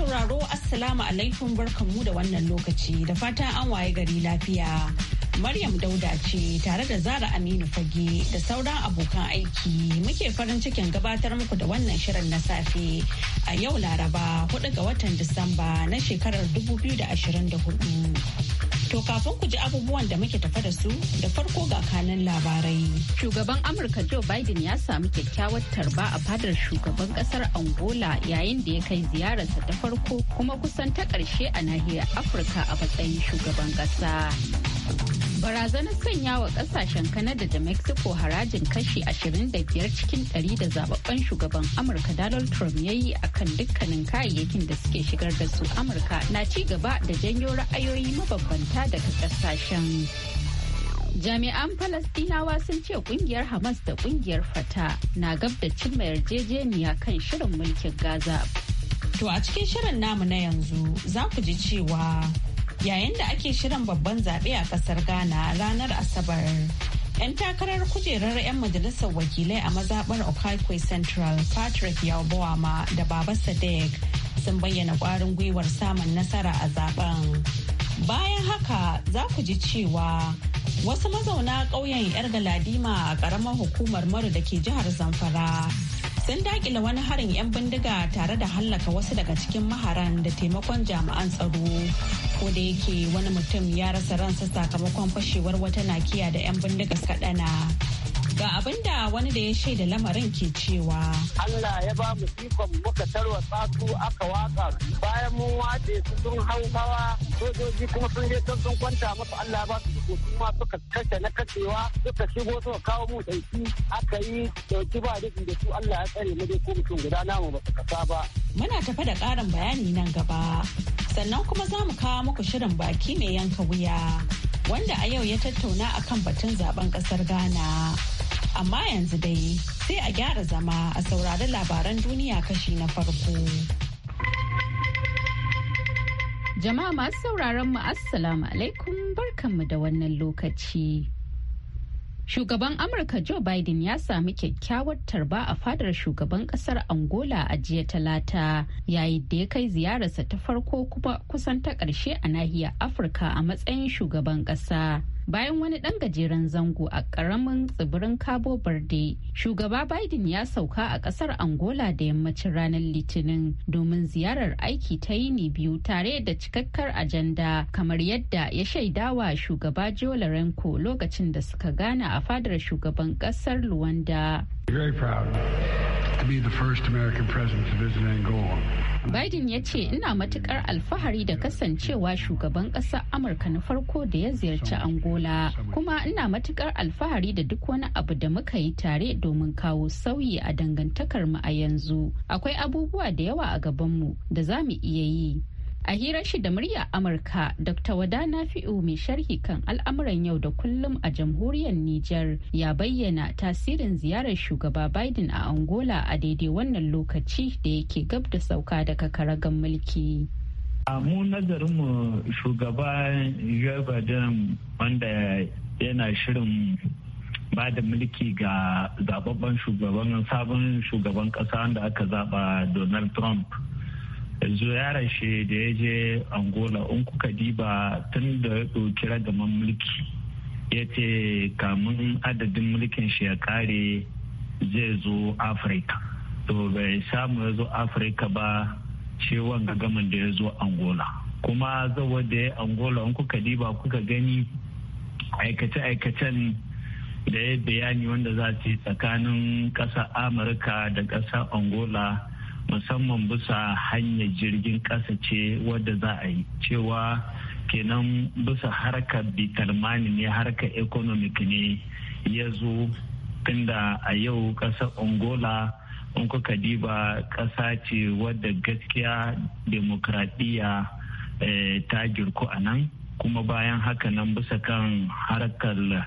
sauraro Assalamu alaikum barkanmu da wannan lokaci da fatan an waye gari lafiya. Maryam Dauda ce tare da Zara Aminu Fage da sauran abokan aiki muke farin cikin gabatar muku da wannan shirin na safe a yau Laraba 4 ga watan Disamba na shekarar 2024. To kafin ku ji abubuwan da muke tafa da su da farko ga kanan labarai. Shugaban Amurka Joe Biden ya samu kyakkyawar tarba a fadar shugaban kasar Angola yayin da ya kai ziyararsa ta farko kuma kusan ta ƙarshe a nahiyar Afirka a matsayin shugaban ƙasa. Barazanar sanya wa kasashen Kanada da Mexico harajin kashi 25 cikin 100 da zababben shugaban Amurka Donald Trump ya yi a kan dukkanin kayayyakin da suke shigar da su Amurka na ci gaba da janyo ra'ayoyi mabambanta daga kasashen. Jami'an Falastinawa sun ce kungiyar Hamas da kungiyar Fata na gab da cimma yarjejeniya kan shirin mulkin Gaza. To a cikin shirin namu na yanzu za ku ji cewa yayin da ake shirin babban zaɓe a ƙasar ghana ranar asabar 'yan takarar kujerar 'yan majalisar wakilai a mazaɓar okaikwe central patrick yawbawama da baba sadek sun bayyana ƙwarin gwiwar samun nasara a zaben bayan haka za ku ji cewa wasu mazauna ƙauyen 'yar galadima a ƙaramar hukumar maru da ke jihar zamfara sun dakile wani harin 'yan bindiga tare da hallaka wasu daga cikin maharan da taimakon jami'an tsaro ko da yake wani mutum ya rasa ransa sakamakon fashewar wata nakiya da 'yan bindiga kaɗana ga abin da wani da ya shaida lamarin ke cewa Allah ya ba mu ikon muka tarwa tsatu aka waka bayan mun wace su sun hau hawa sojoji kuma sun je sun kwanta musu Allah ba su ko kuma suka kashe na kashewa suka shigo suka kawo mu ɗauki aka yi ɗauki ba dafi da su Allah ya tsare mu dai ko mutum guda namu ba su kasa ba. Muna tafe da ƙarin bayani nan gaba. Sannan kuma za mu kawo muku shirin baki mai yanka wuya wanda a yau ya tattauna akan batun zaben ƙasar Ghana. Amma yanzu dai sai a gyara zama a saurari labaran duniya kashi na farko. Jama'a masu sauraron mu Assalamu alaikum barkanmu da wannan lokaci. Shugaban Amurka Joe Biden ya sami kyakkyawar tarba a fadar shugaban kasar Angola a jiya talata yayin da ya kai ziyararsa ta farko kuma kusan ta ƙarshe a nahiyar Afirka a matsayin shugaban ƙasa. bayan wani dan gajeren zango a karamin tsibirin cabo verde shugaba biden ya sauka a kasar angola da yammacin ranar litinin domin ziyarar aiki ta yini biyu tare da cikakkar ajanda kamar yadda ya shaidawa shugaba joe lorenco lokacin da suka gana a fadar shugaban kasar luwanda Biden ya ce ina matukar alfahari da kasancewa shugaban ƙasar Amurka na farko da ya ziyarci Angola kuma ina matukar alfahari da duk wani abu da muka yi tare domin kawo sauyi a dangantakar mu a yanzu. Akwai abubuwa da yawa a gabanmu da za mu iya yi A hirar shi da murya Amurka, Dr. Wada Nafi'u mai sharhi kan al'amuran yau da kullum a jamhuriyar Nijar ya bayyana tasirin ziyarar shugaba Biden a Angola a daidai wannan lokaci da yake gab da sauka daga karagan mulki. A mu nazarinmu shugaba Joe Biden wanda yana shirin ba da mulki ga zababben shugaban sabon shugaban kasa da aka zaba Donald Trump. yanzu yaran shi da ya je angola in kuka diba tun da ya ɗauki ragaman mulki ya ce kamun adadin mulkin shi ya kare zai zo afirka to bai samu ya zo afirka ba ce wanga gaman da ya zo angola kuma zawa da ya angola in kuka diba kuka gani aikace-aikacen da ya bayani wanda za ta yi tsakanin ƙasar amurka da ƙasar angola musamman bisa hanyar jirgin ƙasa ce wadda za a yi cewa kenan bisa harkar bitalmani ne harkar economic ne ya zo tunda a yau ƙasar angola in kuka diba ƙasa ce wadda gaskiya demokradiyya eh, ta girku a nan kuma bayan haka nan bisa kan harkar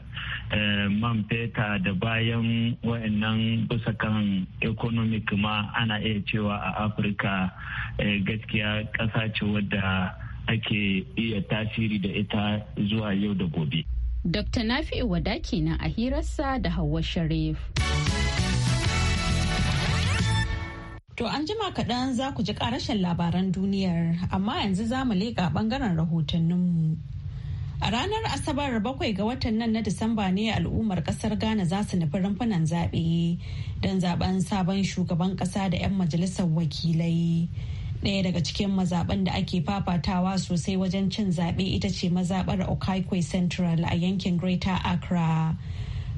Eh, man feta da bayan wa'annan bisa kan economic ma ana iya cewa a afirka eh, gaskiya ƙasa ce wadda ake iya tasiri da ita zuwa yau da gobe. Dr. Nafi Wada kenan a hirarsa da Hauwa Sharif. To an jima kaɗan za ku ji ƙarashin labaran duniyar, amma yanzu za mu leƙa ɓangaren rahotanninmu. A ranar Asabar bakwai ga watan nan na Disamba ne al'ummar kasar Ghana za su nufi rumfunan zaɓe don zaɓen sabon shugaban ƙasa da 'yan majalisar wakilai. Ɗaya daga cikin mazaɓen da ake fafatawa sosai wajen cin zaɓe ita ce mazaɓar Okaikwe Central a yankin Greater Accra.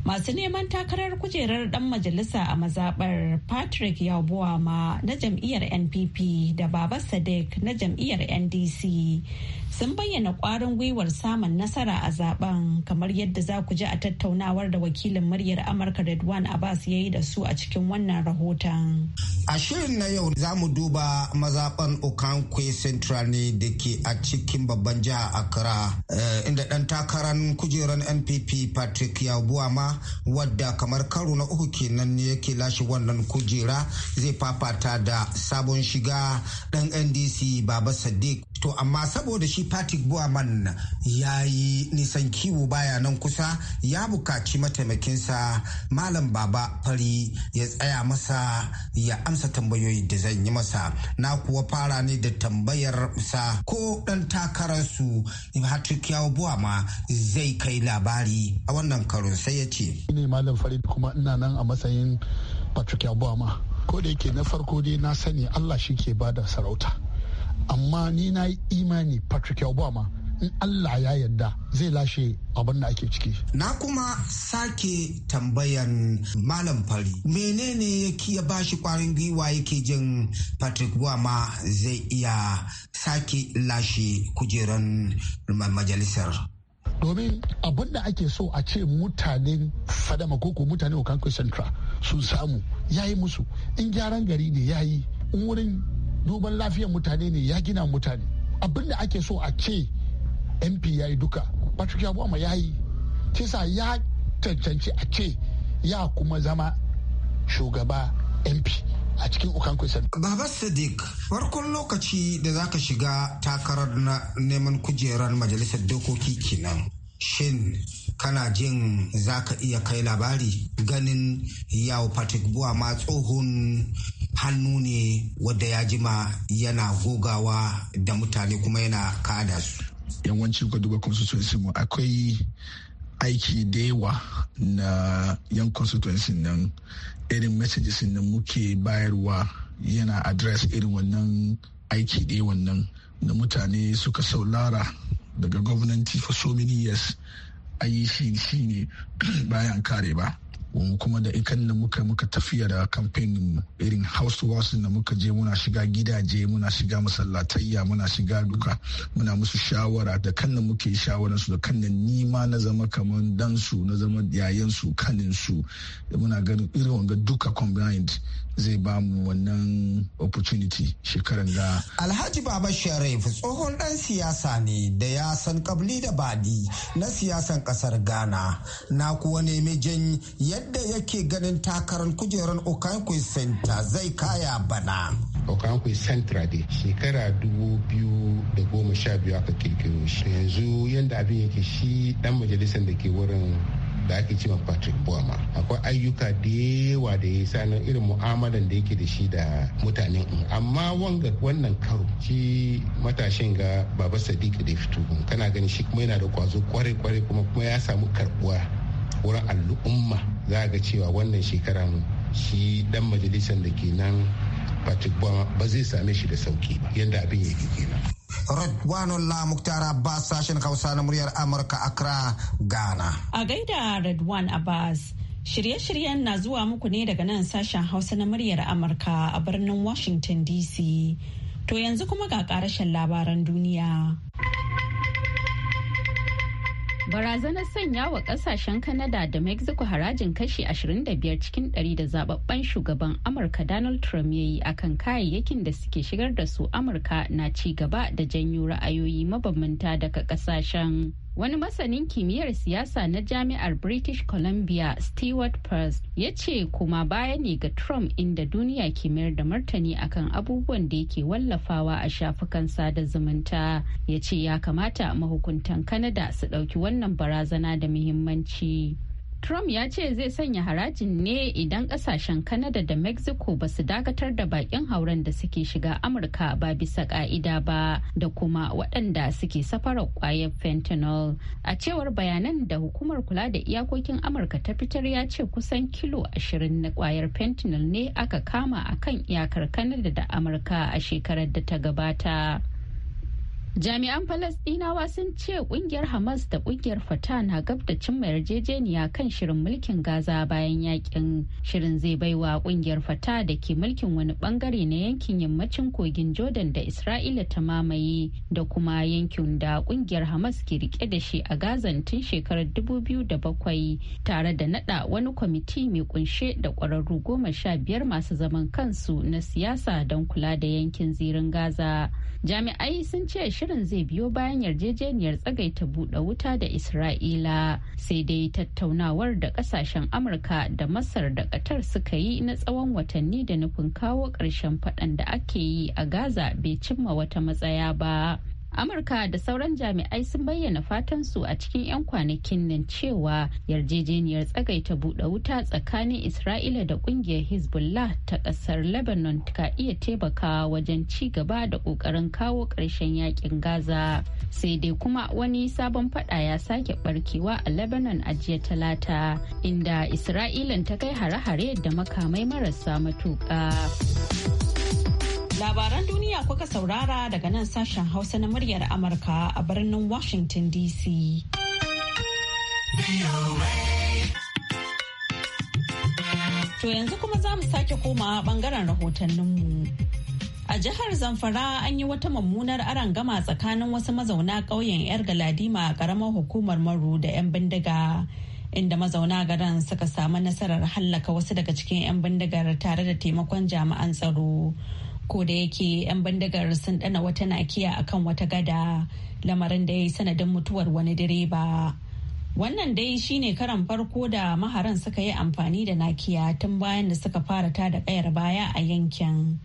Masu neman takarar kujerar ɗan majalisa a mazaɓar Patrick Yabuwama na jam'iyyar NPP da Baba Sadiq na jam'iyyar NDC sun bayyana kwarin gwiwar samun nasara a zaben kamar yadda za ku ji a tattaunawar da wakilin muryar amurka redwan abbas ya yi da su a cikin wannan rahoton a shirin na yau za mu duba mazaban okankwe central ne da ke a cikin babban jiha accra eh, inda ɗan takarar kujerar npp patrick yabuama wadda kamar karo na uku kenan ne yake lashe wannan kujera zai fafata da sabon shiga dan ndc baba sadiq to amma saboda shi patrick buaman ya yi nisan kiwo baya nan kusa ya bukaci mataimakinsa malam baba fari ya tsaya masa ya amsa tambayoyi da zan yi masa na kuwa fara ne da tambayar sa ko dan takararsu patrick yawo buama zai kai labari a wannan karon sai ya ce kuma ina nan a matsayin patrick yawo buama ko da yake na farko dai na sani allah shi ke ba da sarauta amma ni na yi imani patrick obama in allah ya yarda zai lashe abin da ake ciki na kuma sake tambayan malam fari menene yake ya shi kwarin gwiwa yake jin patrick obama zai iya sake lashe kujeran majalisar domin abin da ake so a ce mutanen fadama koko mutane okanko central sun samu ya yi musu in gyaran gari ne ya yi wurin duban lafiyar mutane ne ya gina mutane abin da ake so a ce mp ya yi duka patrick abuwa ya yi kisa ya cancanci a ce ya kuma zama shugaba mp a cikin Okanko Baba Sadiq, farkon lokaci da za ka shiga takarar na neman kujerar majalisar dokoki kenan. shin kana jin za ka iya kai labari ganin yawo patrick buwa ma tsohon hannu ne wadda ya jima yana gogawa da mutane kuma yana kada su yawanci ka duba constituency mu akwai aiki da yawa na yan constituency nan irin messages na muke bayarwa yana address irin wannan aiki da yawan nan da mutane suka saulara daga gwamnati for so many years ayi shi ne bayan kare ba kuma da ikan da muka muka tafiya da kamfanin irin house wasu da muka je muna shiga gidaje muna shiga masallatayya muna shiga duka muna musu shawara da kan da muke shawaran su da kan da nima na zama kamar dan su na zama yayan su kanin su da muna ganin irin wanga duka combined zai ba mu wannan opportunity shekaran da alhaji baba sharif tsohon dan siyasa ne da ya san kabli da badi na siyasan kasar ghana na kuwa nemi jan yadda yadda yake ganin takarar kujerar okankwai Center zai kaya bana. okankwai center dai shekara dubu goma sha aka kirkiro shi. Yanzu yadda abin yake shi dan majalisar da ke wurin da ake cewa Patrick Buama akwai ayyuka da yawa da ya sanar irin mu'amalan da yake da shi da mutanen amma wanga wannan karo shi matashin ga Baba Sadiq da fito kana gani shi kuma yana da kwazo kware kware kuma kuma ya samu karbuwa wurin al'umma za ga cewa wannan shekaran shi dan majalisar da ke nan patrick ba zai same shi da sauki ba yadda abin ya ke kenan La Muktar Abbas sashen Hausa na muryar Amurka Accra, Ghana. A gaida Radwan Abbas, shirye-shiryen na zuwa muku ne daga nan sashen Hausa na muryar Amurka a birnin Washington DC. To yanzu kuma ga karashen labaran duniya. barazanar sanya wa kasashen canada da mexico harajin kashi 25 cikin 100 da zababben shugaban amurka donald trump ya yi akan kayayyakin da suke shigar da su amurka na ci gaba da janyo ra'ayoyi mabambanta daga kasashen wani masanin kimiyyar siyasa na jami'ar british columbia stewart peirce ya ce kuma baya ne ga trump inda duniya ke mayar da martani akan abubuwan da yake wallafawa a shafukan sada zumunta ya ce ya kamata mahukuntan kanada su ɗauki wannan barazana da muhimmanci Trump ya ce zai sanya harajin ne idan kasashen Canada da Mexico ba su dakatar da bakin hauren da suke shiga Amurka ba bisa ka'ida ba da kuma waɗanda suke safarar kwayar fentanyl. A cewar bayanan da hukumar kula da iyakokin Amurka ta fitar ya ce kusan kilo 20 na kwayar fentanyl ne aka kama a kan iyakar Canada da Amurka a shekarar da ta gabata. Jami'an Falasɗinawa sun ce ƙungiyar Hamas da ƙungiyar Fatah na gab da cimma yarjejeniya kan shirin mulkin Gaza bayan yakin shirin zai baiwa ƙungiyar Fatah da ke mulkin wani bangare na yankin yammacin kogin Jordan da Isra'ila ta mamaye da kuma yankin da ƙungiyar Hamas ke rike da shi a gaza tun shekarar 2007 tare da nada wani kwamiti mai kunshe da kwararru goma sha biyar masu zaman kansu na siyasa don kula da yankin zirin Gaza. jami'ai sun ce shirin zai biyo bayan yarjejeniyar tsagaita buɗe wuta da isra'ila sai dai tattaunawar da ƙasashen amurka da masar da qatar suka yi na tsawon watanni da nufin kawo ƙarshen faɗan da ake yi a gaza bai cimma wata matsaya ba amurka da sauran jami'ai sun bayyana fatan su a cikin 'yan kwanakin nan cewa yarjejeniyar tsagaita buɗe wuta tsakanin isra'ila da ƙungiyar hezbollah ta ƙasar lebanon ka iya taimakawa wajen ci gaba da ƙoƙarin kawo ƙarshen yakin gaza sai dai kuma wani sabon fada ya sake barkewa a lebanon a jiya talata inda isra'ilan ta kai hare-hare da makamai marasa matuƙa. Labaran duniya kuka saurara daga nan sashen Hausa na muryar Amurka a birnin Washington DC. To yanzu kuma za mu sake koma bangaren rahotanninmu. A jihar Zamfara an yi wata mummunar gama tsakanin wasu mazauna ƙauyen 'yar galadima a ƙaramar hukumar maru da 'yan bindiga. Inda mazauna garin suka samu nasarar hallaka wasu daga cikin 'yan bindigar tare da taimakon jami'an tsaro. ko da yake 'yan bandagar sun dana wata nakiya akan wata gada lamarin da ya yi sanadin mutuwar wani direba wannan dai shine karan farko da maharan suka yi amfani da nakiya tun bayan da suka fara ta da kayar baya a yankin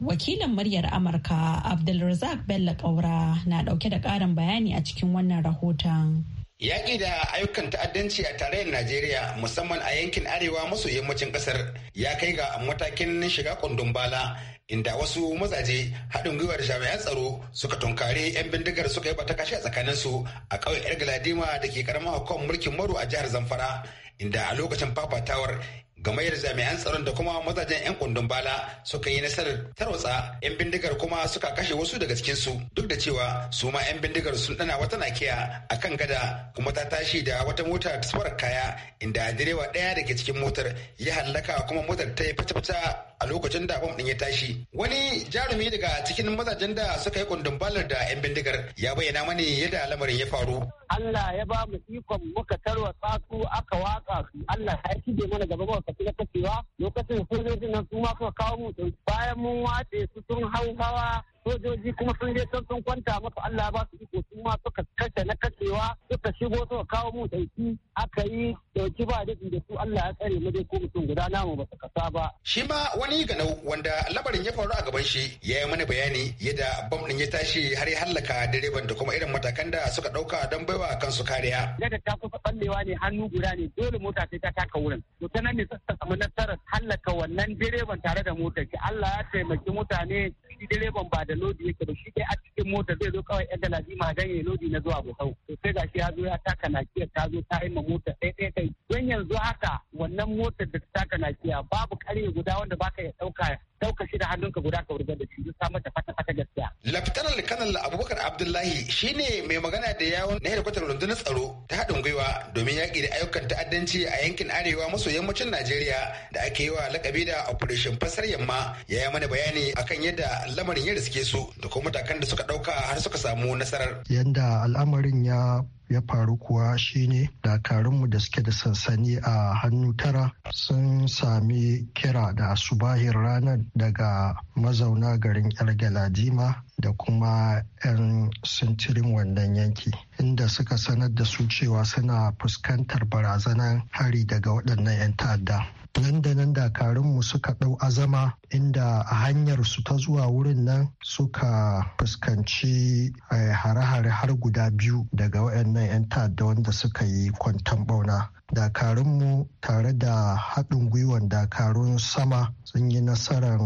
wakilin muryar amurka abdulrazak bello kaura na dauke da karin bayani a cikin wannan rahoton Yaƙi da ayyukan ta'addanci a tarayyar Najeriya musamman a yankin arewa maso yammacin ƙasar ya kai ga matakin shiga kundin bala inda wasu mazaje haɗin gwiwar jami'an tsaro suka tunkari 'yan bindigar suka yi bata kashe su a ƙauyen 'yar galadima da ke karamar hukumar mulkin maru a jihar Zamfara. inda a lokacin fafatawar gamayyar jami'an tsaron da kuma mazajen 'yan kundin bala suka yi nasarar tarwatsa 'yan bindigar kuma suka kashe wasu daga cikinsu duk da cewa su ma 'yan bindigar sun dana wata nakiya a kan gada kuma ta tashi da wata mota ta kaya inda direwa ɗaya da ke cikin motar ya hallaka kuma motar ta yi fata-fata a lokacin da bom din ya tashi wani jarumi daga cikin mazajen da suka yi kundin da yan bindigar ya bayyana mani yadda lamarin ya faru Allah ya ba mu ikon muka tarwa su aka waka su Allah ya shige mana gaba muka kaci kacewa lokacin sojojin nan su ma suka kawo mu bayan mun watse su sun hau hawa sojoji kuma sun je san sun kwanta masu Allah ba su iko su ma suka kashe na kashewa suka shigo suka kawo mu dauki aka yi dauki ba daɗi da su Allah ya tsare mu dai ko mutum guda namu ba su kasa ba. Shi ma wani ganau wanda labarin ya faru a gaban shi ya yi mana bayani yadda bam ɗin ya tashi har ya hallaka direban da kuma irin matakan da suka ɗauka don baiwa kansu kariya. Yadda ta kusa ɓallewa ne hannu guda ne dole mota sai ta taka wurin. To ta nan ne sassa samu nasarar hallaka wannan direban tare da motar. Allah ya taimaki mutane direban ba da da lodi yake da shi dai a cikin mota zai zo kawai yan galadima dan ya lodi na zuwa Bukau to sai gashi ya zo ya taka nakiya ta zo ta aima mota ɗaya ɗaya kai don yanzu haka wannan motar da ta taka nakiya babu karye guda wanda baka ya ɗauka ɗauka shi da hannunka guda ka wurgar da shi duk samar da fata fata gaskiya. Laftanar Kanal Abubakar Abdullahi shine mai magana da yawon na hedikwatar rundunar tsaro ta haɗin gwiwa domin yaƙi da ayyukan ta'addanci a yankin arewa maso yammacin Najeriya da ake yi wa lakabi da Operation Fasar Yamma ya yi mana bayani akan yadda lamarin ya riske su da kuma matakan da suka ɗauka har suka samu nasarar. Yanda al'amarin ya ya faru kuwa shine dakarunmu da suke da sansani a hannu tara sun sami kira da subahir ranar daga mazauna garin galadima da kuma 'yan sintirin wannan yanki inda suka sanar da su cewa suna fuskantar barazanar hari daga waɗannan 'yan ta'adda nan da nan dakarunmu suka ɗau azama inda a hanyar su ta zuwa wurin nan suka fuskanci eh, hare-hare har guda biyu daga waɗannan 'yan ta'adda wanda suka yi kwantan bauna dakarunmu tare da haɗin gwiwan dakarun sama sun yi nasarar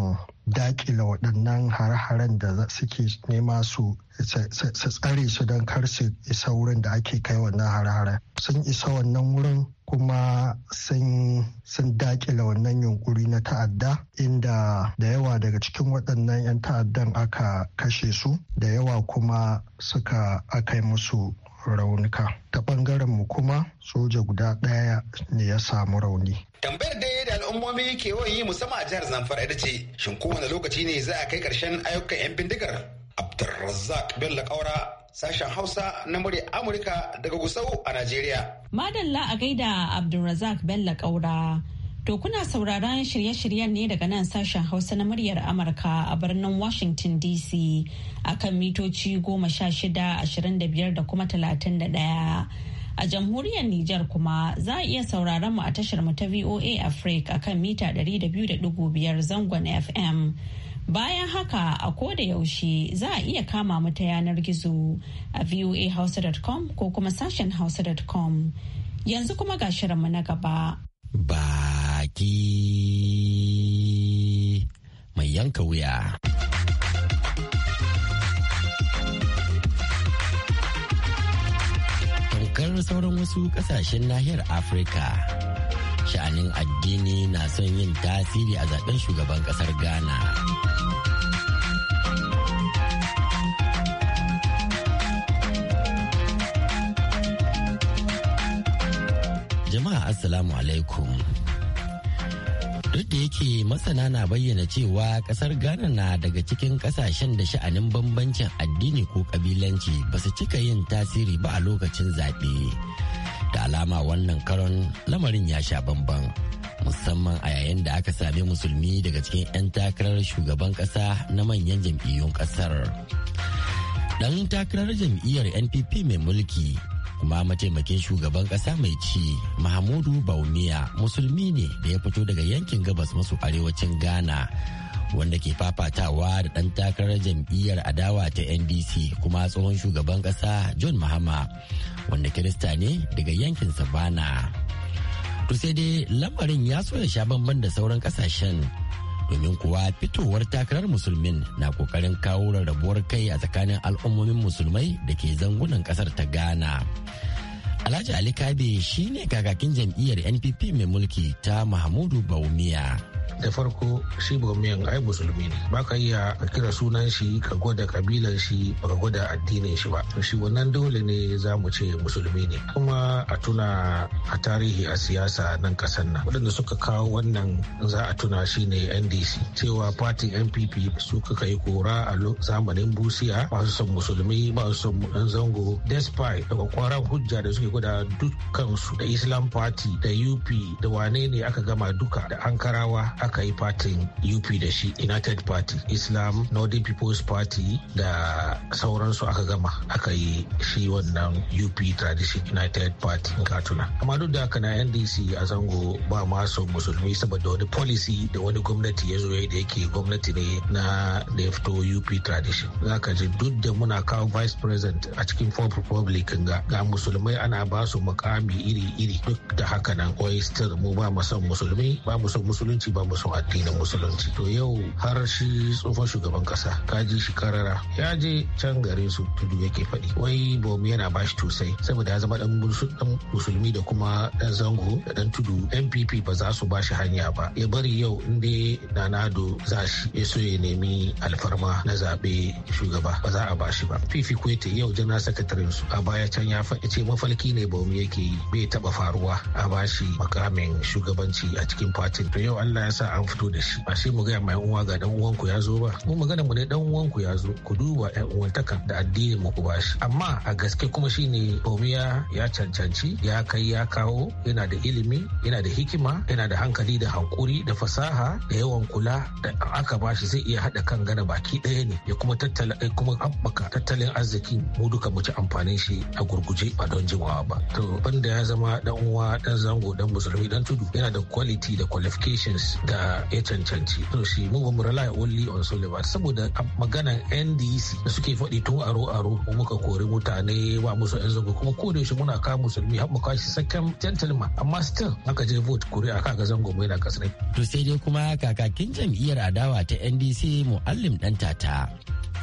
dakila waɗannan har-haren da suke nema su tsare su don kar su isa wurin da ake kai wannan har-haren sun isa wannan wurin kuma sun dakila wannan yunkuri na ta'adda inda da yawa daga cikin waɗannan 'yan ta'addan aka kashe su da yawa kuma suka aka yi musu raunuka ta ɓangaren mu kuma soja guda ɗaya ne ya samu rauni tambayar da da al'ummomi ke yawan yi musamman a jihar zamfara ita ce shin kowane lokaci ne za a kai karshen ayyukan yan bindigar abdulrazak bello kaura sashen hausa na murya amurka daga gusau a najeriya madalla a gaida abdulrazak bello kaura to kuna sauraron shirye-shiryen ne daga nan sashen hausa na muryar amurka a birnin washington dc akan mitoci goma sha shida ashirin da biyar da kuma talatin da ɗaya. A jamhuriyar Nijar kuma za a iya sauraron mu a tashar mu ta VOA Africa akan mita 200.5 zangon FM. Bayan haka a koda yaushe za a iya kama mu ta yanar gizo a voahouse.com ko kuma sashen hausa.com. Yanzu kuma ga shirinmu na gaba. Baki mai yanka wuya. kamar sauran wasu kasashen nahiyar afirka sha'anin addini na son yin tasiri a zaben shugaban kasar ghana jama'a assalamu alaikum duk da yake masana na bayyana cewa kasar ghana na daga cikin kasashen da sha'anin bambancin addini ko kabilanci ba su cika yin tasiri ba a lokacin zaɓe da alama wannan karon lamarin ya sha bamban musamman a yayin da aka sami musulmi daga cikin 'yan takarar shugaban ƙasa na manyan jam'iyyun ƙasar dan takarar jam'iyyar npp mai mulki kuma mataimakin shugaban kasa mai ci mahamudu baumiya musulmi ne da ya fito daga yankin gabas masu arewacin ghana wanda ke fafatawa da ɗan takarar jam'iyyar adawa ta ndc kuma tsohon shugaban ƙasa john mahama wanda kirista ne daga yankin savannah to sai dai lamarin ya so ya sha bamban da sauran ƙasashen domin kuwa fitowar takarar musulmin na kokarin kawo rarrabuwar kai a tsakanin al'ummomin musulmai da ke zangunan kasar ta ghana alhaji ali kabe shine kakakin jam'iyyar npp mai mulki ta mahamudu baumiya da farko shi bomiyan ai musulmi ne ba ka iya ka kira sunan shi ka gwada kabilan shi ba ka gwada addinin shi ba shi wannan dole ne za mu ce musulmi ne kuma a tuna a tarihi a siyasa nan kasan nan waɗanda suka kawo wannan za a tuna shi ne ndc cewa party npp su kuka yi kora a zamanin busiya su son musulmi ba su son ɗan zango despite daga kwaran hujja da suke gwada dukkansu da islam party da up da wane ne aka gama duka da ankarawa aka yi fatin up da shi united party islam northern people's party da sauransu aka gama aka yi shi wannan up tradition united party in katuna amma duk da haka na ndc a zango ba masu musulmi saboda wani policy da wani gwamnati ya zo da yake gwamnati ne na da ya fito up tradition za ka ji duk da muna kawo vice president a cikin fourth republic ga ga musulmai ana ba su mukami iri-iri duk da haka nan oyster mu ba mu son musulmi ba mu son musulunci ba mu wasu addinin musulunci to yau har shi tsofa shugaban kasa kaji shi karara ya je can gare su tudu yake faɗi wai bomi yana bashi tosai saboda ya zama dan musulmi da kuma dan zango da dan tudu npp ba za su bashi hanya ba ya bari yau inda nanado za shi ya so ya nemi alfarma na zaɓe shugaba ba za a bashi ba fifi kwete yau jana sakataren su a baya can ya faɗi ce mafalki ne bomi yake yi bai taɓa faruwa a bashi makamin shugabanci a cikin fatin to yau allah ya sa an fito da shi ba sai mu gaya mai uwa ga dan uwanku ya zo ba mu magana mu ne dan uwanku ya zo ku duba yan uwantaka da addinin mu ku bashi amma a gaske kuma shine Omiya ya cancanci ya kai ya kawo yana da ilimi yana da hikima yana da hankali da hankuri da fasaha da yawan kula da aka bashi zai iya haɗa kan gana baki ɗaya ne ya kuma tattala kuma haɓaka tattalin arzikin mu duka mu ci amfanin shi a gurguje ba don jimawa ba to banda ya zama dan uwa dan zango dan musulmi dan tudu yana da quality da qualifications da da ya cancanci to shi mu ba mu rely only on Sullivan saboda magana NDC da suke faɗi tun aro aro muka kori mutane ba musu yan zango kuma ko da muna ka musulmi har mu kashi sakan gentleman amma still aka je vote kuri'a kaga zango mai na kasar to sai dai kuma kakakin jam'iyyar adawa ta NDC muallim dan tata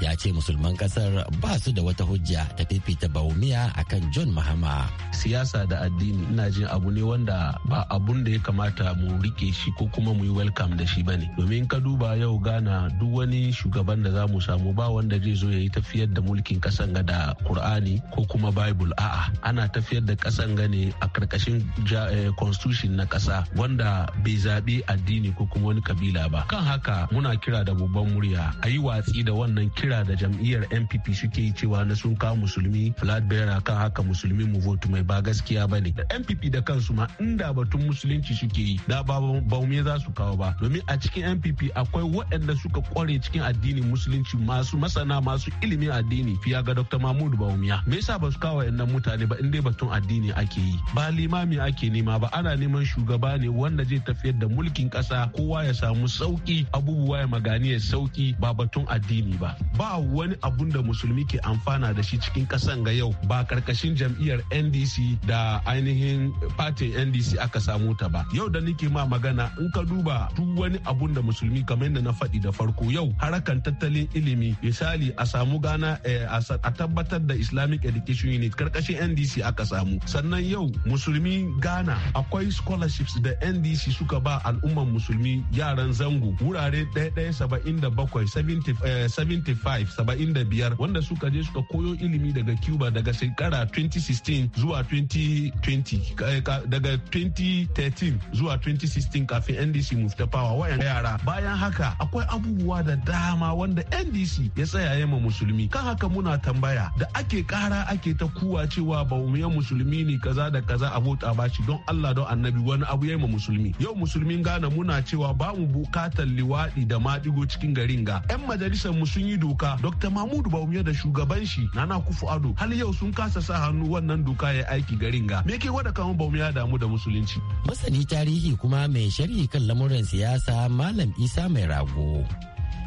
ya ce musulman kasar ba su da wata hujja ta fifita baumiya akan john mahama siyasa da addini ina jin abu ne wanda ba abun da ya kamata mu rike shi ko kuma mu yi welcome da shi bane domin ka duba yau gana duk wani shugaban da za mu samu ba wanda zai zo ya yi tafiyar da mulkin kasan ga da Kur'ani ko kuma Bible a'a ana tafiyar da kasan ga ne a karkashin eh, constitution na kasa wanda bai zabi addini ko kuma wani kabila ba kan haka muna kira da babban murya a yi watsi da wannan kira da jam'iyyar NPP suke yi cewa na sun ka musulmi flat bearer kan haka musulmi mu votu mai ba gaskiya bane da NPP da kansu ma inda batun musulunci suke yi da ba me za su kawo kawo ba domin a cikin npp akwai waɗanda suka kware cikin addinin musulunci masu masana masu ilimin addini fiya ga dr mahmud bawumiya me yasa ba su kawo waɗannan mutane ba inda dai batun addini ake yi ba limami ake nema ba ana neman shugaba ne wanda zai tafiyar da mulkin ƙasa kowa ya samu sauki abubuwa ya magani ya sauki ba batun addini ba ba wani abun da musulmi ke amfana da shi cikin ƙasan ga yau ba karkashin jam'iyyar ndc da ainihin fatin ndc aka samu ta ba yau da nake ma magana in ka duba duba duk wani abun da musulmi kamar yadda na faɗi da farko yau harakan tattalin ilimi misali a samu gana eh, a tabbatar da islamic education unit karkashin ndc aka samu sannan yau musulmi ghana akwai scholarships da ndc suka ba al'umman musulmi yaran zango wurare ɗaya saba'in da bakwai 75 75 eh, wanda suka je suka koyo ilimi daga cuba daga shekara 2016 zuwa 2020 eh, daga 2013 zuwa 2016 kafin ndc mu wayan yara bayan haka akwai abubuwa da dama wanda ndc ya tsaya ma musulmi kan haka muna tambaya da ake kara ake ta kuwa cewa ba mu musulmi ne kaza da kaza a bota ba shi don allah don annabi wani abu ya ma musulmi yau musulmin gana muna cewa ba mu bukatar liwaɗi da maɗigo cikin garin ga yan majalisar mu sun yi doka dr mahmudu baumiya da shugaban shi nana kufu ado har yau sun kasa sa hannu wannan doka ya aiki garin ga me ke wada kan ya damu da musulunci masani tarihi kuma mai sharhi kan lamurin jagoran siyasa Malam Isa Mai Rago.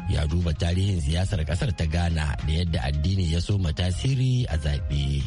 ya duba tarihin siyasar kasar ta ghana da yadda addini ya soma tasiri a zaɓe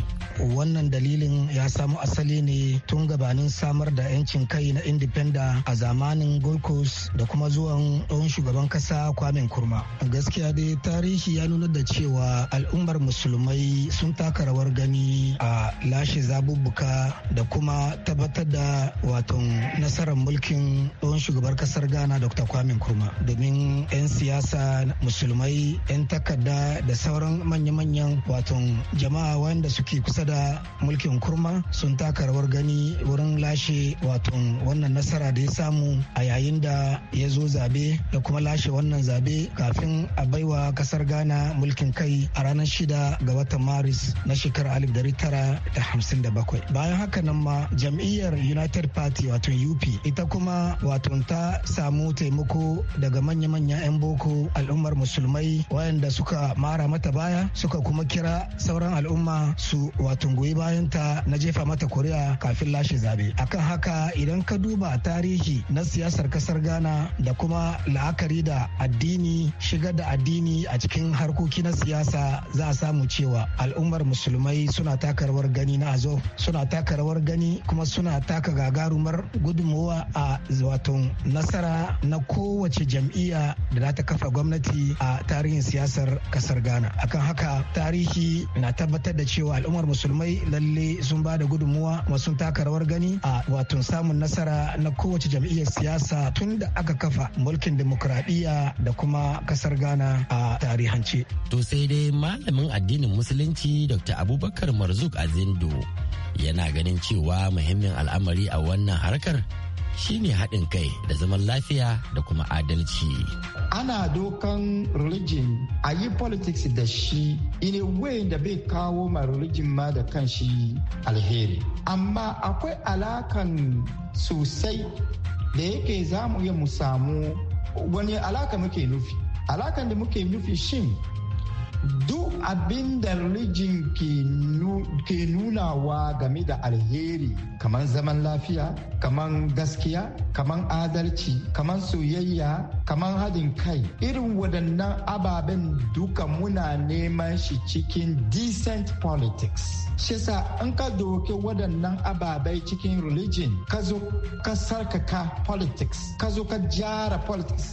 wannan dalilin ya samu asali ne tun gabanin samar da 'yancin kai na independa a zamanin golkos da kuma zuwan ɗan shugaban kasa kwamen kurma gaskiya dai tarihi ya nuna da cewa al'ummar musulmai sun taka rawar gani a lashe zabubbuka da kuma tabbatar da watan nasarar mulkin ɗan shugabar kasar ghana dr kwamen kurma domin 'yan siyasa musulmai 'yan takarda da sauran manya-manyan waton jama'a wanda suke kusa da mulkin kurma sun taka rawar gani wurin lashe waton wannan nasara da ya samu a yayin da ya zo zabe da kuma lashe wannan zabe kafin a baiwa kasar ghana mulkin kai a ranar shida ga watan maris na shekarar 1957 bayan haka nan ma jam'iyyar united party wato up ita kuma wato ta samu taimako daga manya-manyan 'yan boko a al'ummar musulmai wayanda suka mara mata baya suka kuma kira sauran al'umma su wato goyi bayanta na jefa mata kuri'a kafin lashe zabe akan haka idan ka duba tarihi na siyasar kasar ghana da kuma la'akari da addini shigar da addini a cikin harkoki na siyasa za a samu cewa al'ummar musulmai suna taka rawar gani na azo suna taka rawar gani kuma suna taka gagarumar gudunmuwa a wato nasara na kowace jam'iyya da za ta kafa gwamnati a tarihin siyasar kasar ghana akan haka tarihi na tabbatar da cewa al'ummar musulmai lalle sun ba da gudunmuwa kuma sun taka rawar gani a wato samun nasara na kowace jam'iyyar siyasa tun da aka kafa mulkin demokradiyya da kuma kasar ghana a tarihance to sai dai malamin addinin musulunci dr abubakar marzuk azindo yana ganin cewa muhimmin al'amari a wannan harkar shine haɗin kai da zaman lafiya da kuma adalci. Ana dokan religion a yi politics da shi in a way da bai kawo ma religion ma da kan shi alheri. Amma akwai alakan sosai da yake za mu iya mu samu wani alaka muke nufi. Alakan da muke nufi shin duk abin da rijin ke nunawa game da alheri kamar zaman lafiya kamar gaskiya kamar adalci kamar soyayya kamar hadin kai irin waɗannan ababen duka muna neman shi cikin decent politics shi sa an ka doke waɗannan ababai cikin religion ka zo ka sarkaka politics ka zo ka jara politics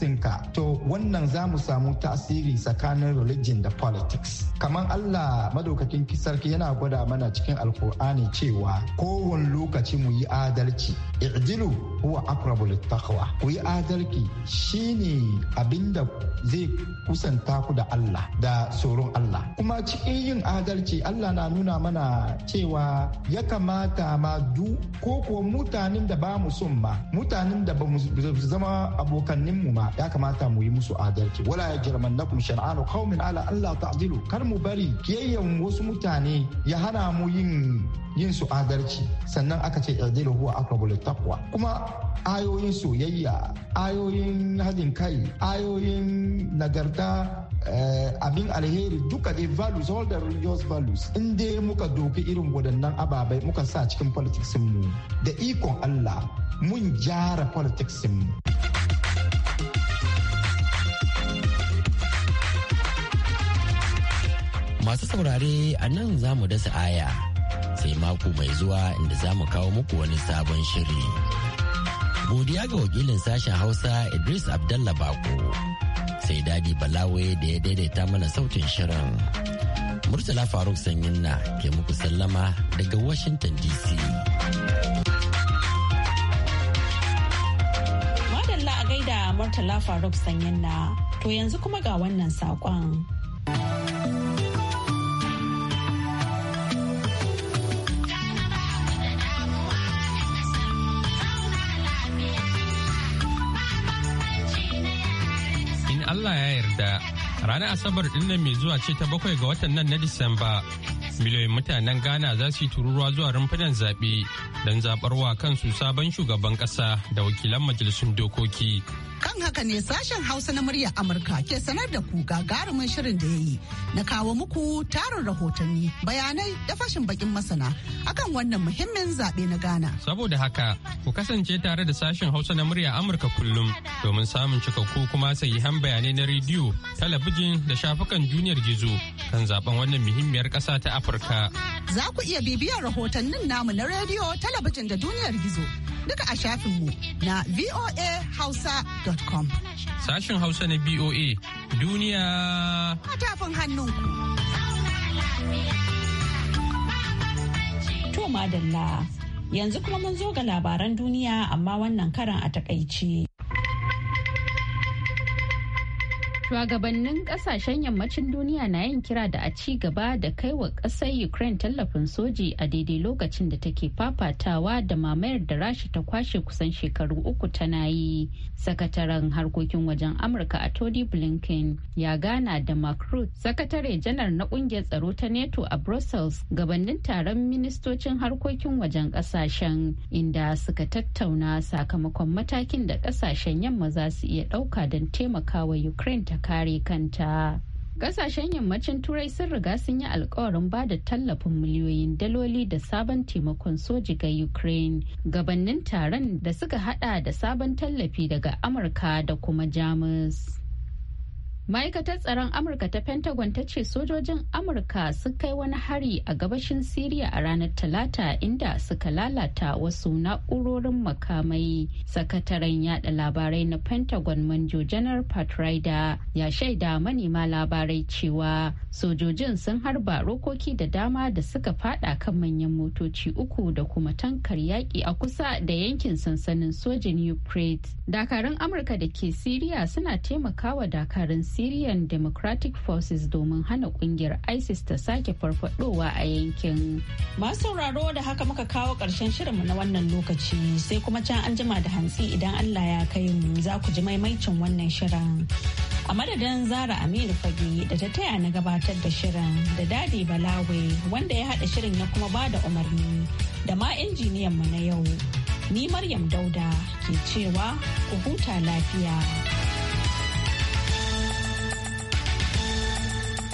to wannan za mu samu tasiri tsakanin religion da politics kamar Allah madaukakin sarki yana gwada mana cikin alkur'ani cewa kowane lokaci mu yi adalci i'dilu huwa aqrabu littaqwa ku yi adalci shine abinda zai kusanta ku da Allah da tsoron Allah kuma cikin yin adalci Allah na nuna mana cewa ya kamata ma du ko kuwa mutanen da ba mu son ma mutanen da ba mu zama abokannin ma ya kamata mu yi musu adalci wala ya jirman nakum shan'anu qaumin ala Allah ta'dilu kar mu bari kiyayyen wasu mutane ya hana mu yin yin su adalci sannan aka ce irdilu huwa aqrabu takwa kuma ayoyin soyayya ayoyin hadin kai ayoyin nagarta eh, abin alheri duka dai values all the religious values in dai muka doki irin waɗannan ababai muka sa cikin politics mu da ikon Allah mun jara politics mu masu saurare a nan za mu dasa aya sai mako mai zuwa inda za mu kawo muku wani sabon shiri. Godiya ga wakilin sashen Hausa Idris Abdallah Bako sai Dadi Balawe da ya daidaita mana sautin shirin. Murtala Faruk Sanyinna ke muku sallama daga Washington DC. Madalla a gaida Murtala Faruk Sanyinna to yanzu kuma ga wannan saƙon. Allah ya yarda ranar Asabar dinnan mai zuwa ce ta bakwai ga watan nan na Disamba. Miliyoyin mutanen Ghana za su yi tururuwa zuwa rumfunan zaɓe don zaɓarwa kansu sabon shugaban ƙasa da wakilan majalisun dokoki. Kan haka ne sashen Hausa na murya Amurka ke sanar da ku ga shirin da ya yi na kawo muku tarin rahotanni bayanai da fashin bakin masana akan wannan muhimmin zaɓe na Ghana. Saboda haka ku kasance tare da sashen Hausa na murya Amurka kullum domin samun cikakku kuma sahihan bayanai na rediyo, talabijin da shafukan duniyar gizo kan zaben wannan muhimmiyar ƙasa ta Afirka. Za ku iya bibiyar rahotannin namu na rediyo, talabijin da duniyar gizo. duka a shafinmu na voahausa.com. Sashen Hausa na VOA duniya. Matafin hannu. To madalla, yanzu kuma mun zo ga labaran duniya amma wannan karan a takaice. Shugabannin kasashen yammacin duniya na yin kira da a ci gaba da kai wa ƙasar Ukraine tallafin soji a daidai lokacin da take fafatawa da mamayar da Rasha ta kwashe kusan shekaru uku ta nayi Sakataren harkokin wajen Amurka a Tony Blinken ya gana da Mark Rutte, sakatare janar na ƙungiyar tsaro ta NATO a Brussels gabanin taron ministocin harkokin wajen ƙasashen inda suka tattauna sakamakon matakin da ƙasashen yamma za su iya ɗauka don taimakawa Ukraine ta kare kanta Kasashen yammacin Turai sun riga sun yi alkawarin ba da tallafin miliyoyin daloli da sabon taimakon soji ga Ukraine gabanin taron da suka hada da sabon tallafi daga Amurka da kuma Jamus. ma'aikatar tsaron amurka ta pentagon ta ce sojojin amurka sun kai wani hari a gabashin siriya a ranar talata inda suka lalata wasu na'urorin makamai sakataren yada labarai na pentagon manjo janar pat ya shaida manema labarai cewa sojojin sun harba rokoki da dama da suka fada kan manyan motoci uku da kuma tankar yaƙi a kusa da yankin sansanin sojin ukraine dakarun amurka da ke siriya suna taimakawa dakarun syrian democratic forces domin hana kungiyar isis ta sake farfadowa a yankin masu sauraro da haka muka kawo karshen shirinmu na wannan lokaci sai kuma can an jima da hantsi idan allah ya kai mu za ku ji maimaicin wannan shirin a madadin zara aminu fage da ta taya na gabatar da shirin da dadi balawe wanda ya haɗa shirin ya kuma ba da umarni da ma injiniyan mu na yau ni maryam dauda ke cewa ku huta lafiya